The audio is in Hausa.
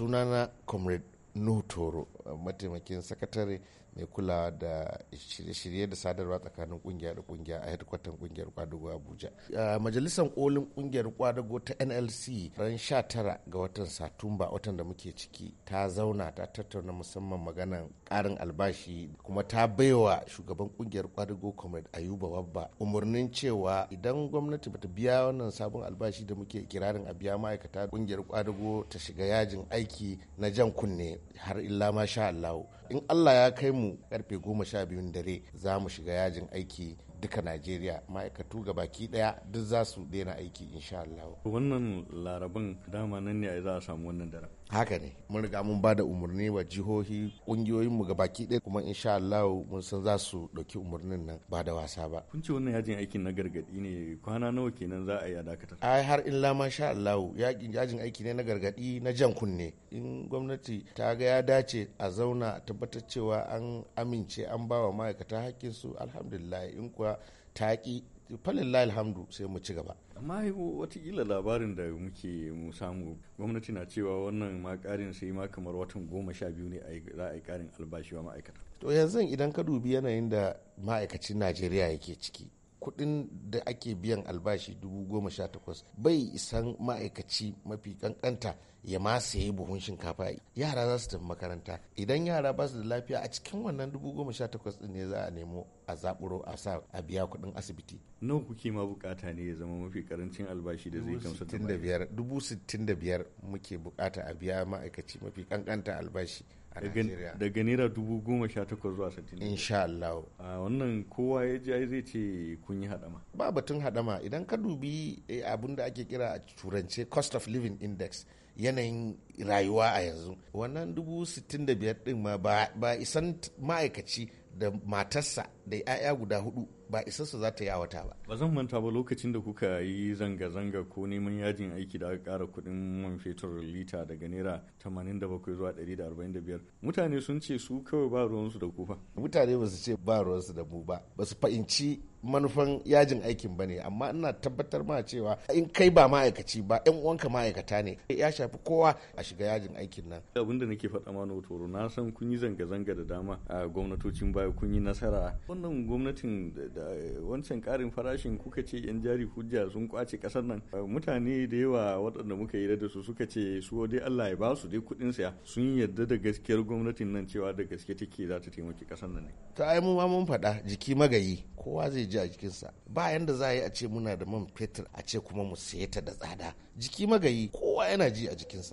sunana comrade nuhu toro mataimakin sakatare mai kula da shirye-shirye da sadarwa tsakanin kungiya da kungiya a hedkwatan kungiyar kwadago abuja majalisar kolin kungiyar kwadago ta nlc ran 19 ga watan satumba watan da muke ciki ta zauna ta tattauna musamman maganan karin albashi kuma ta baiwa shugaban kungiyar kwadago comrade ayuba wabba umarnin cewa idan gwamnati bata biya wannan sabon albashi da muke kirarin a biya ma'aikata kungiyar kwadago ta shiga yajin aiki na jan kunne har illa ma sha allahu in allah ya kai mu karfe goma sha biyun dare za mu shiga yajin aiki duka najeriya ma'aikatu gabaki daya duk za su daina aiki insha Allah. wannan larabin dama nan ne za a samu wannan dara. haka ne mun riga mun ba da umarni wa jihohi kungiyoyin mu gabaki daya kuma insha Allah mun san za su ɗauki umarnin nan ba da wasa ba kun ce wannan yajin aikin na gargadi ne kwana nawa kenan za a yi a dakatar ai har in lama sha Allah yakin yajin aiki ne na gargadi na jan kunne in gwamnati ta ga ya dace a zauna tabbatar cewa an amince an ba wa ma'aikata hakkin su alhamdulillah in kuwa ba ta ki falin alhamdu sai mu ci gaba amma watakila labarin da muke mu samu gwamnati na cewa wannan ma karin sai ma kamar watan goma sha biyu ne za a yi karin albashi wa ma'aikata to yanzu idan ka dubi yanayin da ma'aikacin najeriya yake ciki kuɗin da ake biyan albashi dubu goma sha takwas bai isan ma'aikaci mafi kankanta ya ma sayi buhun shinkafa yara za su tafi makaranta idan yara ba su da lafiya a cikin wannan dubu goma sha takwas ne za a nemo a zaburo a sa a biya kuɗin asibiti nawa kuke ma bukata ne ya zama mafi karancin albashi da zai kamsa ta biyar dubu sittin da biyar muke bukata a biya ma'aikaci mafi kankanta albashi daga naira dubu goma sha takwas zuwa insha Allah wannan kowa ya ji zai ce kun yi hadama ba batun hadama idan ka dubi eh, abin da ake kira a turance cost of living index yanayin rayuwa a yanzu wannan dubu sittin da biyar din ma ba isan ma'aikaci da matarsa da 'ya'ya guda hudu ba isarsa za ta yi a wata ba. Ba zan manta ba lokacin da kuka yi zanga-zanga ko neman yajin aiki da aka ƙara kuɗin man fetur lita daga naira 87 zuwa 145 mutane sun ce su kawai ba ruwansu da kufa. Mutane ba su ce ba ruwansu da mu ba ba su fahimci manufan yajin aikin ba ne amma ina tabbatar ma cewa in kai ba ma'aikaci ba yan uwanka ma'aikata ne ya shafi kowa a shiga yajin aikin nan abin da nake faɗa ma otoro na san kun yi zanga-zanga da dama a gwamnatocin baya kun yi nasara wannan gwamnatin da eh, wancan karin farashin kuka ce yan jari hujja sun kwace kasar nan eh, mutane da yawa waɗanda muka yi da su suka ce su dai Allah ya ba su dai kuɗin saya sun yarda da gaskiyar gwamnatin nan cewa da gaske take za ta taimaki kasar nan ne ta ai mu ma mun faɗa jiki magayi kowa zai ji a jikinsa ba yanda za a yi a ce muna da man fetur a ce kuma mu sayeta ta da tsada jiki magayi kowa yana ji a jikinsa